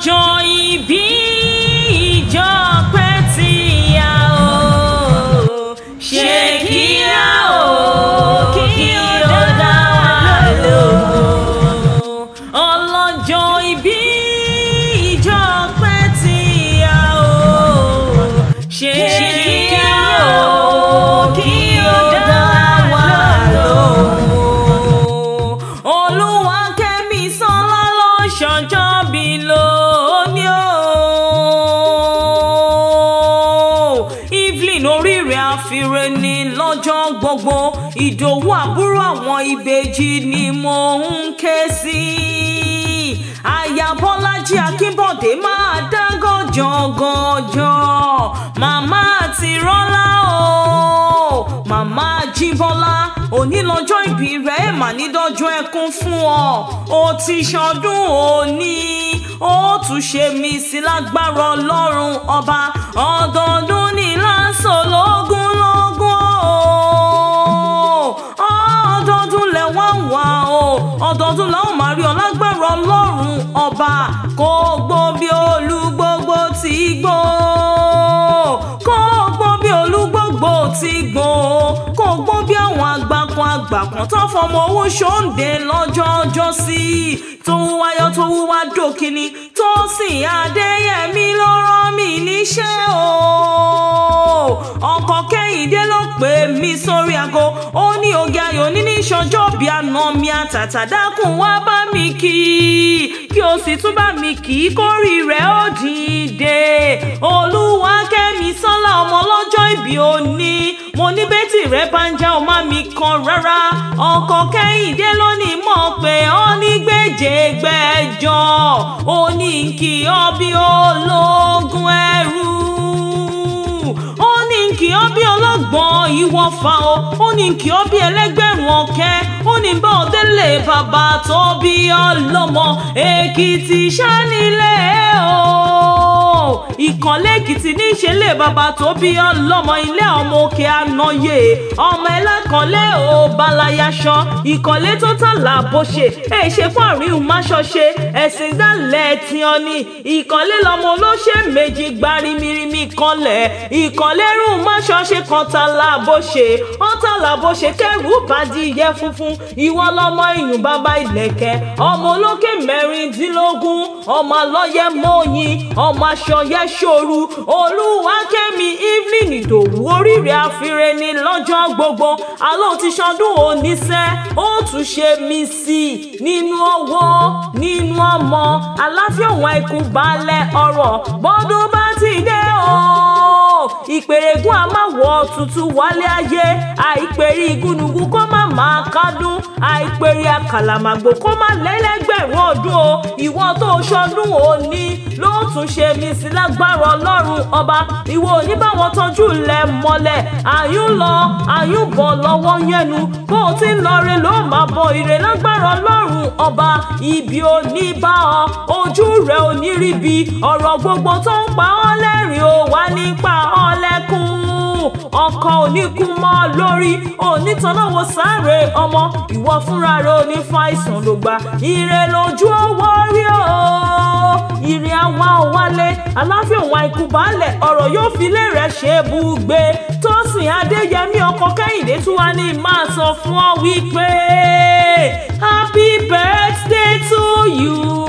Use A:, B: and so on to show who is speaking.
A: ọjọ́ ìbí ìjọ pẹ́ tìyà o ṣé kí á. lọ́jọ́ gbogbo ìdòwú àbúrò àwọn ìbejì ni mo ń ké sí. aya bọ́lájí akínbọ̀dé máa dá gànjàngànjọ màmá ti rọ́lá o màmá jíbọ́lá òní lọ́jọ́ ìbí rẹ̀ mà ní dọ́jọ́ ẹkún fún ọ o ti ṣọdún òní ó tún ṣe mí sí lágbára ọlọ́run ọba ọdọọdún ni lásán lógún. wá o ọdọọdún la ó máa rí ọlágbára ọlọ́run ọba kó gbó bí olúgbógbó ti gbó kó gbó bí olúgbógbó ti gbó kó gbó bí àwọn agbákan agbákan tó fọmọ owó ṣòǹde lọ́jọ́ sí tó wúwáyọ́ tó wúwá dòkìní tó sì adéyẹmí lọ. ṣọjọ́ bí àná mi àtàtà dákun wá bá mi kí kí o sì tún bá mi kí kórì rẹ̀ ó dìde olúwa kẹ́mi sọ́lá ọmọ ọlọ́jọ́ ìbí òní mo ní bẹ́tì rẹ̀ bá ń jẹ́ ọmọ mi kan rárá ọkọ kẹ́hìndé lónìí mọ̀ pé ó ní gbèjègbẹ́jọ ó ní kí ọ bí ológun ẹrù. yìí wọ́n fa o ó ní kí ọ bí ẹlẹ́gbẹ̀rún ọ̀kẹ́ ó ní bá ọ délé bàbá tó bí ọlọ́mọ èkìtì ṣánilẹ̀ o ìkànlé èkìtì ní ìṣẹ̀lẹ̀ bàbá tó bí ọlọ́mọ ilé ọmọ òkè ànáyè ọmọ ẹlẹ́kànlé ò balayaṣọ ìkànlé tó tàlà bó ṣe èyí ṣe fún àríwú máṣọṣe ẹ̀sìn dálẹ̀ tiọ́ ni ìkànlé lọmọ olóṣè méjì gbárí mìrìmì kanlẹ̀ ìkànlé rún máṣọṣe kan tàlà bó ṣe wọ́n tàlà bó ṣe kẹ́rù bàdìyẹ funfun ìwọ lọmọ ìyùn bàbá ìlẹ̀kẹ̀ ọmọ olókè mẹ́rìndínlógún ọmọ alọ́yẹ mọ́yìn ọmọ aṣọ yẹ ṣòru olúwakẹ́mi evening ìdòwú oríire àfire ni lọ́jọ́ gbogbo alóhùn ti ṣọdún oníṣẹ́ ó tún ṣe mí sí i nínú owó nínú ọmọ aláfíà òun àìkú balẹ̀ ọ̀rọ̀ bọ́dún bá ti dé o ìpèrègùn àmàwọ̀ tuntun wálé ayé àìpèrè igúnnugún kó má máa kádùn àìpèrè àkàlàmàgbò kó má lẹ́lẹ́gbẹ̀rún ọdún o ìwọ tó ṣọdún òní ló tún ṣe mí sí lágbára ọlọ́run ọba ìwọ òní báwọn tọ́jú lẹ̀ mọ́lẹ̀ àyún lọ àyún bọ̀ lọ́wọ́ yẹnu bó o ti ń lọre ló máa bọ ire lágbára ọlọ́run ọba ibi ò ní bá ọ ojú rẹ ò ní ríbi ọ̀rọ̀ gbogbo tó ń pa ọ́ lẹ́rìn ó wá nípa ọlẹ́kùn ọkọ̀ oníkun mọ́ lórí onítọ̀nàwó sáré ọmọ ìwọ fúnra rẹ onífàìsàn ló gbà ire lójú owó rí o ire àwa ò wálé aláfíà òun àìkú balẹ̀ ọ̀rọ̀ yóò fi ilé rẹ̀ ṣe é bùgbé tósìn adéyẹmí ọkọ kẹ́hìndé tún wá ní máa sọ fún ọ wípé happy birthday to you.